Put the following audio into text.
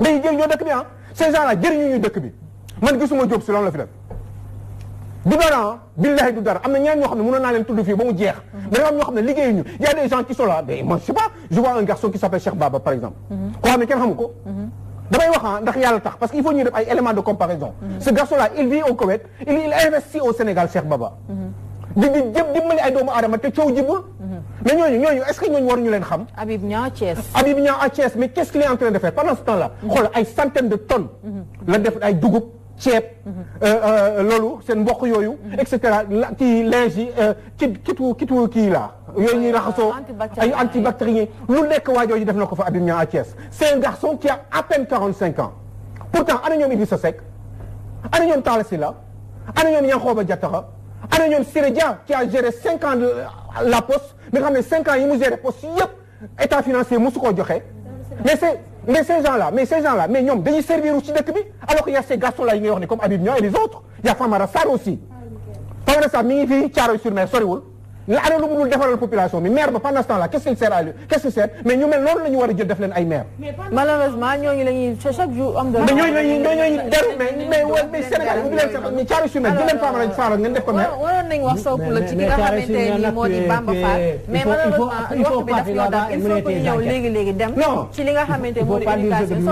day jël ñoo dëkk bi ah ces gens là jëriñu ñu dëkk bi man gisuma Diop si loolu la fi def. du dara ah, billahi du dara am na ñaan ñoo xam ne mënoon naa leen tudd fii ba mu jeex. mais am ñoo xam ne liggéeyuñu y a des gens qui sont là mais moi je sais pas je vois un garçon qui s'appelle Cheikh Baba par exemple. quoi mm-hmm. mais ne kenn xamu ko. Mm-hmm. damay wax ah ndax yàlla tax parce que il faut ñu def ay éléments de comparaison. Mm-hmm. ce garçon là il vit au Koweït il il investit au Sénégal Cheikh Baba. di di jëm dimbali ay doomu aadama te coow jibul mais ñooñu ñooñu est-ce que ñooñu waruñu leen xam. Habib Niang Thiès. Habib Niang Thiès mais qu'est-ce qu'il est en train de faire pendant ce temps-là. Mhm. a ay centaines de tonnes. la def ay dugub c'est mhm. un euh, euh, seen mboq etc. Mhm. et cetera etc. qui linge yi qui euh, qui kitu Il laa. yooyu ñuy raxasoo ay antibactérien lu il waa jooju def na fa Habib Niang Thiès. c'est un garçon qui a à peine 45 ans pourtant ana ñoom Idrissa Seck ana ñoom Talla Sylla ana ñoom là, Diattara ana a Siré Dia qui a géré 5 ans de la poste mais quand même 5 ans il nous la poste Yep, état financier moussou koo joxe. mais c'est mais ces gens là mais ces gens là mais ils dañuy servir ci dëkk bi alors qu'il y a ces garçons là ils ne sont comme Habib et les autres il y a Famara salle aussi. Famara ça, mi ngi fii sur Mer soriwul. la lu mu defaral population bi maire ba pendant ce temps là qu'est-ce qu'il sert à lui qu'est-ce qu'il sert mais ñu mel noonu la ñu war a jël def leen ay maire. malheureusement ñooñu la ñuy chaque jour am. mais ñooñu la ñuy ñooñu mais mais mais Sénégal bu leen sax mais caaru suñu leen faama la faama ngeen def ko maire. waroon nañu wax Sokone la ci ki nga xamante ni moo di Bamba Fall. mais malheureusement waxtu bi daf ñoo dab il faut que ñu ñëw léegi léegi dem. ci li nga xamante moo di